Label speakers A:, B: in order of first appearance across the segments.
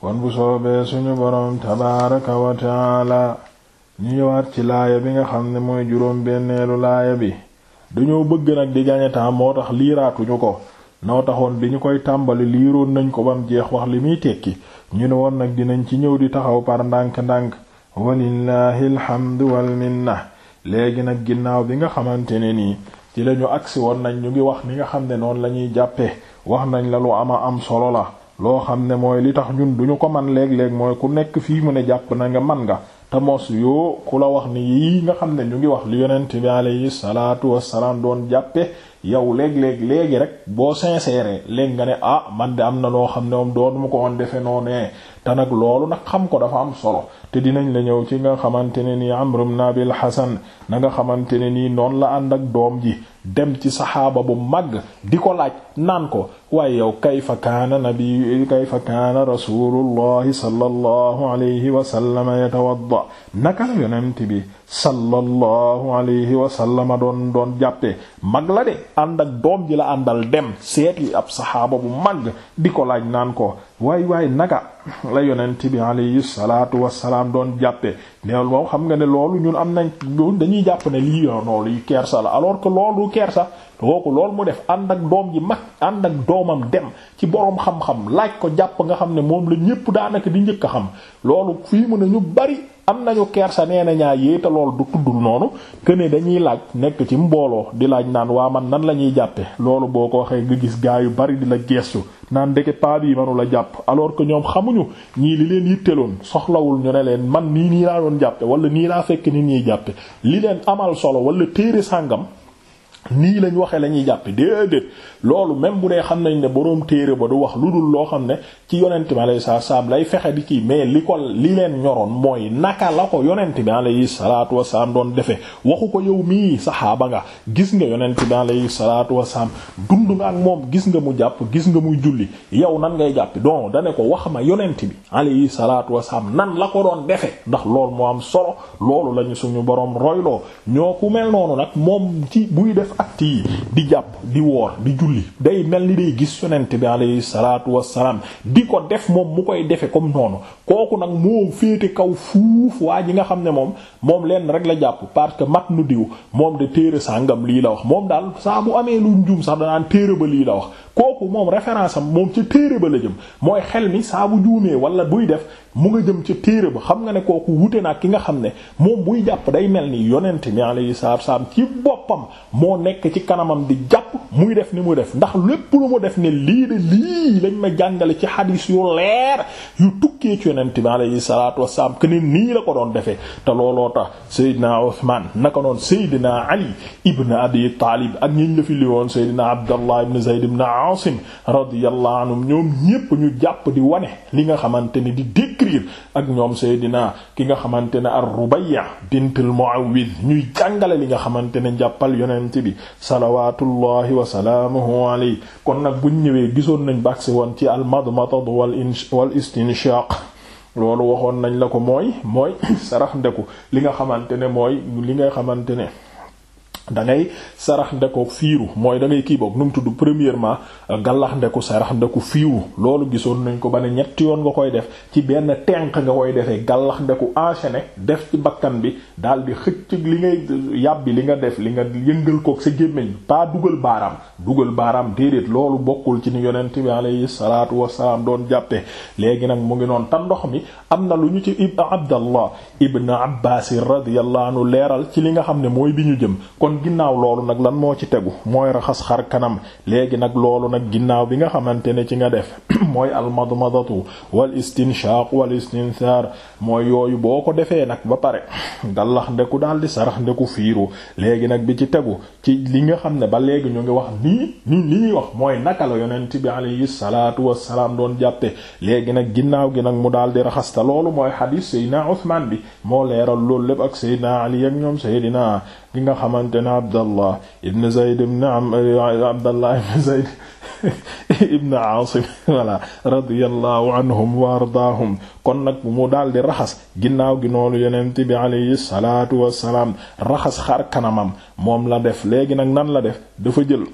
A: kon bu soobee suñu borom tabaaraka wa taala ñu ñëwaat ci laaya bi nga xam ne mooy juróom benneelu laaya bi dañoo bëgg nag di gagner moo tax liiraatuñu ko noo taxoon bi ñu koy tàmbali liiroon nañ ko bam jeex wax li muy tekki ñu ne woon nag dinañ ci ñëw di taxaw par ndànk-ndànk walillahi alhamdu wal minna léegi nag ginnaaw bi nga xamante ne nii ci lañu agsi woon nañ ñu ngi wax ni nga xam ne noonu la ñuy jàppe wax nañ la lu ama am solo la loo xam ne mooy li tax ñun duñu ko man léeg-léeg mooy ku nekk fii mu ne jàpp na nga man nga te mos yoo ku la wax ni yii nga xam ne ñu ngi wax li yonent bi alayhi salaatu wassalaam doon jàppe yow léeg-léeg léegi rek boo sincère léegi nga ne ah man de am na loo xam ne moom doon mu ko woon defe noonee te nag loolu nag xam ko dafa am solo te dinañ la ñëw ci nga xamante ne nii Amr ibn Abil Hasan na nga xamante ne nii noonu la ànd ak doom ji dem ci saxaaba bu mag di ko laaj naan ko waaye yow kayfa kaana nabi kayfa kaana rasulullahi sallallahu alayhi wa sallam yatawadda naka la yonent bi sallallahu alayhi wa sallam doon doon jàppee mag la ànd ak doom ji la àndal dem yi ab saxaaba bu mag di ko laaj naan ko waay waay naka la yonent bi alayhi salaatu wassalaam doon jàppee neewul moom xam nga ne loolu ñun am nañ dañuy jàpp ne lii non lii kersa la alors que loolu kersa ko loolu mu def ànd ak doom ji mag ànd ak doomam dem ci boroom xam-xam laaj ko jàpp nga xam ne moom la ñépp daanaka di njëkk a xam loolu fii mu ne ñu bari. am nañu kersa nee na ñaa yéeta lool du tuddul noonu que ne dañuy laaj nekk ci mbooloo di laaj naan waa man nan la ñuy jàppe loolu boo ko waxee nga gis gaa yu bari di la geestu naan ndeke paa bii manu jàpp alors que ñoom xamuñu ñii li leen yitteloon soxlawul ñu ne leen man nii nii laa doon jàppe wala nii laa fekk nit ñuy jàppe li leen amal solo wala téere sàngam nii lañ waxee la ñuy jàppe déedéet loolu même bu dee xam nañ ne boroom téere ba du wax lu dul loo xam ne ci yonent bi alayhi salaatu wasalaam lay fexe di kii mais li ko li leen ñoroon mooy naka la ko yonent bi alayhi salaatu wasalaam doon defee waxu ko yow mii saxaaba nga gis nga yonent bi alayhi salaatu wasalaam dund nga ak moom gis nga mu jàpp gis nga mu julli yow nan ngay jàpp donc dane ko wax ma yonent bi alayhi salaatu wasalaam nan la ko doon defee ndax loolu moo am solo loolu lañu suñu boroom royloo ñoo ku mel noonu nag moom ci buy def acte yi di jàpp di woor di julli day mel ni day gis yonent bi alayhi salaatu wassalaam di ko def moom mu koy defe comme noonu kooku nag moo féete kaw fuuf waa ji nga xam ne moom moom leen rek la jàpp parce que mat nu diw moom de téere sàngam lii la wax moom daal saa amee lu njum sax danaan téere ba lii la wax kooku moom référence moom ca téere ba la jëm mooy xel mi saa juumee wala buy def mu nga jëm ca téere ba xam nga ne kooku wute nag ki nga xam ne moom buy jàpp day mel ni yonent bi alayhi salaatu wassalaam ci boppam moo moo nekk ci kanamam di jàpp muy def ni mu def ndax lépp lu mu def ne lii de lii ma jàngale ci xadiis yu leer yu tukkee ci yonent bi alayhi salaatu wasalaam que ne nii la ko doon defee te looloo tax Seydina Ousmane naka noon Seydina Ali ibn Abi Taalib ak ñiñ la fi liwoon Seydina Abdallah ibn Zayd ibn Aasim radiyallahu anhum ñoom ñépp ñu jàpp di wane li nga xamante ni di décrire ak ñoom Seydina ki nga xamante ne ar-Rubayya bintul Muawwid ñuy jàngale li nga xamante ne jàppal yonent bi bi salawaatullahi wa salaamuhu alayhi kon nag buñ ñëwee gisoon nañ bàgsi woon ci al madmadad wal in wal istinshaq loolu waxoon nañ la ko mooy mooy sarax ndeku li nga xamante ne mooy li ngay xamante ne da ngay sarax ndeku fiiru mooy da ngay kii boog nu mu tudd premièrement euh, gàllax ndeku ndeku fiiru loolu gisoon nañ ko ba ne ñetti yoon nga koy def ci benn tenq nga koy defee gàllax ndeku enchaîné def ci bakkan bi daal di xëcc li nga euh, yàbbi li nga def li nga yëngal koog sa gémmiñ paa dugal baaraam dugal baaraam déedéet loolu bokkul ci ni yonent bi alayhi salaatu wasalaam doon jàppee léegi nag mu ngi noon ta ndox mi am na lu ñu ci ibn abdallah ibn abbas radiyallahu anhu leeral ci li nga xam ne mooy bi ñu jëm kon ginnaaw loolu nag lan moo ci tegu mooy raxas xar kanam léegi nag loolu nag ginnaaw bi nga xamante ne ci nga def mooy almadmadatu wal istinshaq wal istinthar mooy yooyu boo ko defee nag ba pare dalax ku daal di sarax ndeku fiiru léegi nag bi ci tegu ci li nga xam ne ba léegi ñu ngi wax nii nii li wax mooy naka la yonent bi alayhi salaatu wassalaam doon jàppe léegi nag ginnaaw gi nag mu daal di raxasta loolu mooy xadiis Seydina Usmaan bi moo leeral abdallah ibn zayd ibn am eh, abdallah ibn zayd ibn aasim wala radiyallahu anhum wa ardaahum kon nag mu daal di raxas ginnaaw gi noonu yonent bi alayhi salaatu wassalaam raxas xar kanamam moom la def léegi nag nan la def dafa jël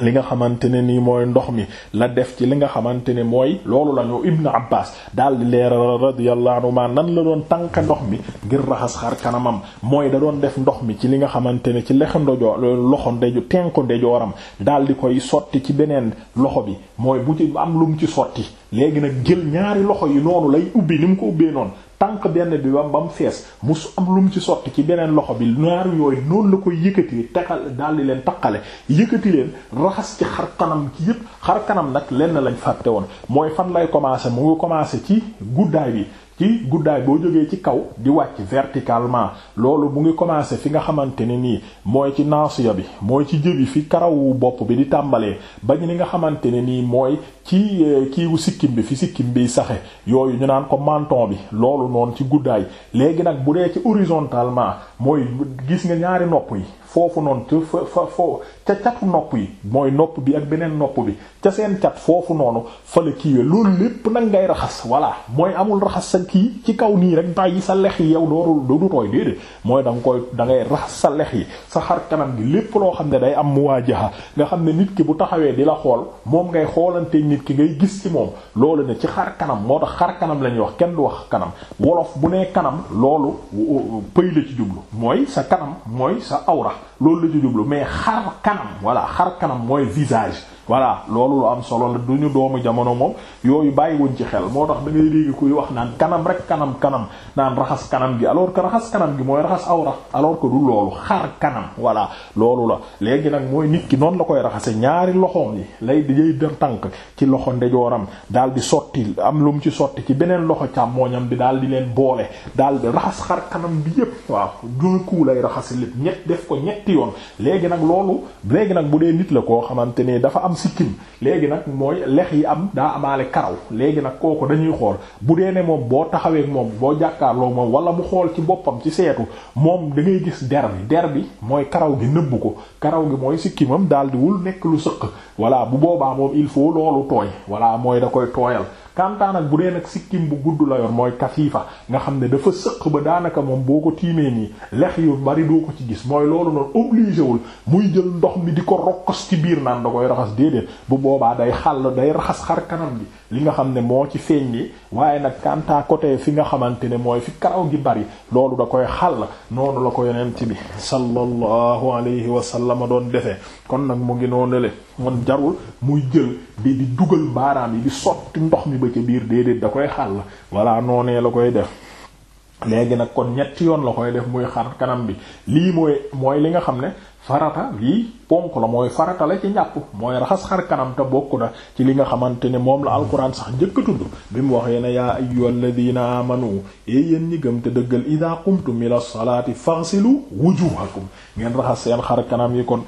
A: li nga xamante ne nii mooy ndox mi la def ci li nga xamante ne mooy loolu la ñu Ibn Abbas daal di leeral radiyallahu anhuma nan la doon tànk ndox mi ngir raxas xar kanamam mooy da doon def ndox mi ci li nga xamante ne ci lexu ndojo loxo ndeju tenku ndejooram daal di koy sotti ci beneen loxo bi mooy bu ci am lu mu ci sotti léegi nag jël ñaari loxo yi noonu lay ubbi ni mu ko ubbee noonu tànk benn bi ba mu fees mu am lu mu ci sotti ci beneen loxo bi ñaari yooyu noonu la koy yëkkati tegal daldi leen taqale yëkkati leen raxas ci xar kanam ci yépp xar kanam nag lenn lañ fàtte woon mooy fan lay commencer mu ngi commencer ci guddaay bi ci guddaay boo jógee ci kaw di wàcc verticalement loolu mu ngi commencer fi nga xamante ne nii mooy ci naasiya bi mooy ci jëbi fi karawu bopp bi di tàmbalee bañ ni nga xamante ne nii mooy ci eh, kiiwu sikkim bi fi sikkim biy saxe yooyu ñu naan ko menton bi loolu noonu ci guddaay léegi nag bu dee ci horizontalement mooy gis nga ñaari nopp yi foofu noonu ca fa catu nopp yi mooy nopp bi ak beneen nopp bi ca seen cat foofu noonu fa la kiiwee loolu lépp nag ngay kii ci kaw nii rek bàyyi sa lex yi yow doorul du tooy déedéet mooy da koy da ngay rax sa lex yi sa xar kanam gi lépp loo xam ne day am muwaajaha nga xam ne nit ki bu taxawee di la xool moom ngay xoolante nit ki ngay gis ci moom loolu ne ci xar kanam moo tax xar kanam la ñuy wax kenn du wax kanam wolof bu nee kanam loolu pëy la ci jublu mooy sa kanam mooy sa awra loolu la ci jublu mais xar kanam voilà xar kanam mooy visage voilà loolu lu am solo la du ñu doomu jamono moom yooyu bàyyiwuñ ci xel moo tax da ngay dégg kuy wax naan kanam rek kanam kanam naan raxas kanam bi alors que raxas gi mooy raxas awra alors que du loolu xar kanam voilà loolu la léegi nag mooy nit ki noonu la koy raxase ñaari loxoom yi lay day dem tànk ci loxo ndejooram daal di sotti am lu mu ci sotti ci beneen loxo càmmooñam bi daal di leen boole daal di raxas xar kanam bi yépp waaw d'un coup lay raxase lépp ñett def ko ñetti yoon léegi nag loolu léegi nag bu dee nit la koo xamante ne dafa am am sikkim léegi nag mooy lex yi am daa amaale karaw léegi nag kooku dañuy xool bu dee ne moom boo taxawee moom boo jàkkaarloo moom wala mu xool ci boppam ci seetu moom da ngay gis der bi der bi mooy karaw gi nëbbu ko karaw gi mooy sikkimam daal di wul nekk lu sëq voilà bu boobaa moom il faut loolu tooy voilà mooy da koy tooyal kantaan ak bu dee nag sikkim bu gudd la yor mooy kafiifa nga xam ne dafa sëq ba daanaka moom boo ko tiimee nii lex yu bari doo ko ci gis mooy loolu noonu obligé wul muy jël ndox mi di ko rokkos ci biir naan da koy raxas déedéet bu boobaa day xàll day raxas xar kanam bi li nga xam ne moo ci feeñ yi waaye nag kantaa côté fi nga xamante ne mooy fi karaw gi bari loolu da koy xàll noonu la ko yeneen ci bi sallallahu alayhi wa sallam doon defe kon nag mu ngi noonu moom jarul muy jël di di dugal mbaaraam yi di sotti ndox mi ba ca biir déedéet da koy xàll voilà noonee la koy def léegi nag kon ñetti yoon la koy def muy xar kanam bi lii mooy mooy li nga xam ne farata lii ponk la mooy farata la ci njàpp mooy raxas xar kanam te bokk na ci li nga xamante ne moom la alquran sax njëkk tudd bi mu waxee ne yaa ayyuhal ladina amanu ee yéen ñi gëm te dëggal ida qumtum ila salaati faghsilu wujuhakum ngeen raxas seen xar kanam yi kon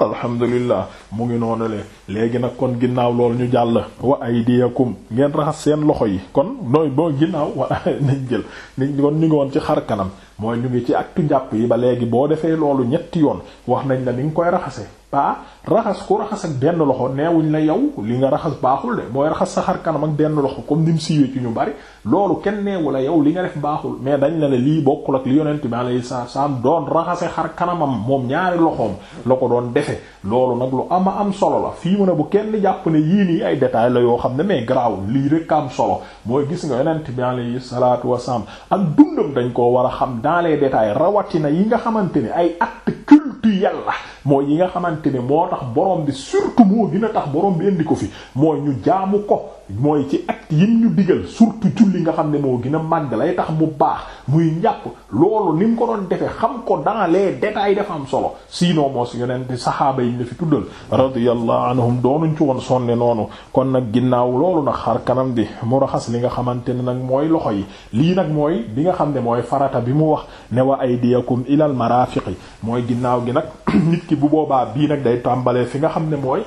A: alhamdulillah mu ngi noonu le léegi nag kon ginnaaw lool ñu jàll wa aydiyakum ngeen raxas seen loxo yi kon nooy boo ginnaaw wala nañ jël nañ kon ñu ngi woon ci xar kanam mooy ñu ngi ci aktu njàpp yi ba léegi boo defee loolu ñetti yoon wax nañ la ni nga koy raxase pas raxas ku raxas ak benn loxo neewuñ la yow li nga raxas baaxul de mooy raxas sa xar kanam ak benn loxo comme ni mu siiwee ci ñu bari loolu kenn neewu la yow li nga def baaxul mais dañ la ne lii bokkul ak li yonent bi alayhi salaam doon raxase xar kanamam moom ñaari loxoom la ko doon defe loolu nag lu ama am solo la fii mu ne bu kenn jàpp yii nii ay détails la yoo xam ne mais garaawul lii rek am gis nga yonent bi alayhi salaatu wasalaam ak dundam dañ koo war a xam dans les détails rawatina yi nga xamante ne ay actes cultuels la mooy yi nga xamante ne moo tax borom bi surtout moo gën a tax borom bi indi ko fi mooy ñu jaamu ko mooy ci ak yi ñu digal surtout julli nga xam ne moo gën a màgg lay tax mu baax muy njàpp loolu ni mu ko doon defee xam ko dans les détails dafa am solo sinon moo si yonente saxaaba yi ñu fi tuddal radiyallahu anhum doonuñ ci woon sonne noonu kon nag ginnaaw loolu nag kanam di mu raxas li nga xamante ne nag mooy loxo yi lii nag mooy bi nga xam ne mooy farata bi mu wax ne wa aydiyakum ilal marafiqi mooy ginnaaw gi nag nit bu boobaa bii nag day tàmbalee fi nga xam ne mooy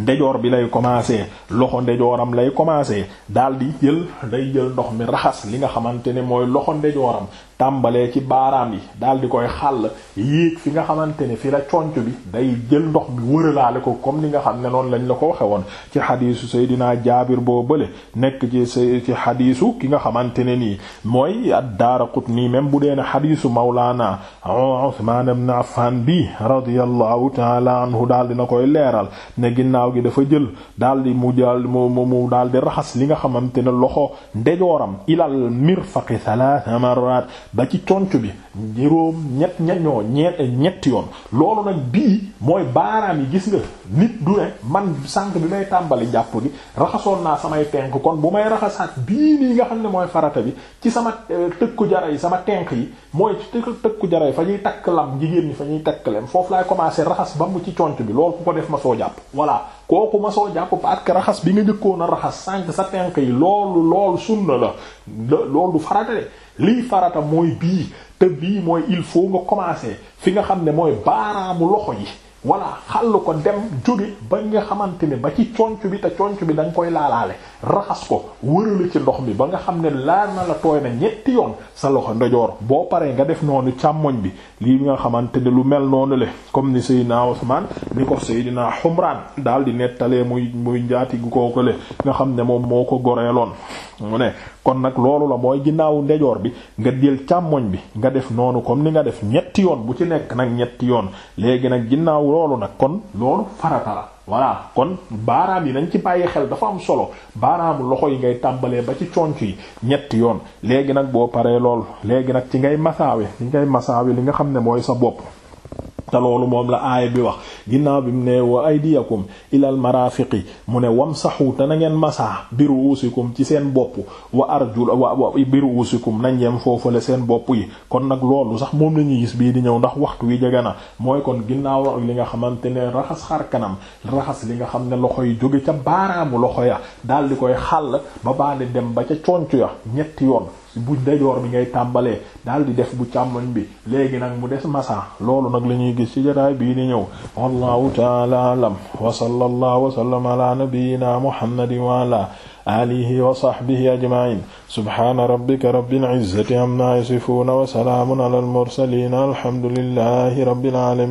A: ndejoor bi lay commencer loxo ndejooram lay commencer daal di jël day jël ndox mi raxas li nga xamante ne mooy loxo ndejooram tàmbalee ci baaraam yi daal di koy xàll yéeg fi nga xamante ne fi la conc bi day jël ndox mi wëralaale ko comme ni nga xam ne noonu lañ la ko waxe woon ci xadiisu Seydina Jaabir boo bële nekk ci ci xadiisu ki nga xamante ne nii mooy ad nii même bu dee ne xadiisu Mawlaana Usmaan ibn Affaan bi radiyallahu taala anhu daal dina koy leeral ne ginnaaw gi dafa jël daal di mu daal mu mu daal di raxas li nga xamante ne loxo ndejooram ilal mirfaqi thalatha marrat ba ci conc bi juróom ñett ñañoo ñeet ñetti yoon loolu nag bii mooy baaraam yi gis nga nit du ne man sànq bi may tàmbali jàpp di raxasoon naa samay tenk kon bu may raxasaat bii nii nga xam ne mooy farata bi ci sama euh, tëkku jara yi sama tenk yi mooy ci tëkku jara yi fa ñuy takk lam jigéen ñi fa ñuy takk lem foofu laay commencer raxas ba mu ci conc bi loolu ku ko def ma soo jàpp voilà kooku ma soo jàpp parce que raxas bi nga njëkkoon a raxas sànq sa tenk yi loolu loolu sunna la lii farata mooy bii te bii mooy il faut nga commencer fi nga xam ne mooy baaraamu loxo yi voilà xàll ko dem jóge ba nga xamante ne ba ci conc bi te conc bi da koy laalaale raxas ko wërala ci ndox mi ba nga xam ne laal na la tooy na ñetti yoon sa loxo ndojoor boo paree nga def noonu càmmoñ bi lii nga xamante ne lu mel noonu le comme ni Seydina Usmaan ni ko dinaa Xumraan daal di nettalee muy muy njaati gu kookale nga xam ne moom moo ko goreeloon mu ne kon nag loolu la mooy ginnaawu ndejoor bi nga jël càmmoñ bi nga def noonu comme ni nga def ñetti yoon bu ci nekk nag ñetti yoon léegi nag ginnaaw loolu nag kon loolu farata la voilà kon baaraam yi nañ ci bàyyi xel dafa am solo baaraamu loxo yi ngay tàmbalee ba ci conc yi ñetti yoon léegi nag boo paree lool léegi nag ci ngay masaawe ci ngay masaawe li nga xam ne mooy sa bopp te loolu moom la aaya bi wax ginnaaw bi mu ne wa aydiyakum ilal marafiqi mu ne wamsahu te na ngeen masaa biruusikum ci seen bopp wa arjul wa biruusikum nañ foofu la seen bopp yi kon nag loolu sax moom la ñuy gis bii di ñëw ndax waxtu wi jege na mooy kon ginnaaw li nga xamante ne raxas xar kanam raxas li nga xam ne loxo yi jóge ca baaraamu loxo ya daal di koy xàll ba baale dem ba ca conc ya ñetti yoon bu ndejoor bi nga tàmbalee daal di def bu càmmoñ bi léegi nag mu des masa loolu nag la ñuy gis ci jotaay bii di ñëw wallahu ta'ala alam wa sallallahu wa sallama ala nabiyyina muhammadin wa ala alihi wa sahbihi ajma'in subhana a rabbil izzati amma yasifun wa salamun ala al mursalin alhamdulillahi rabbil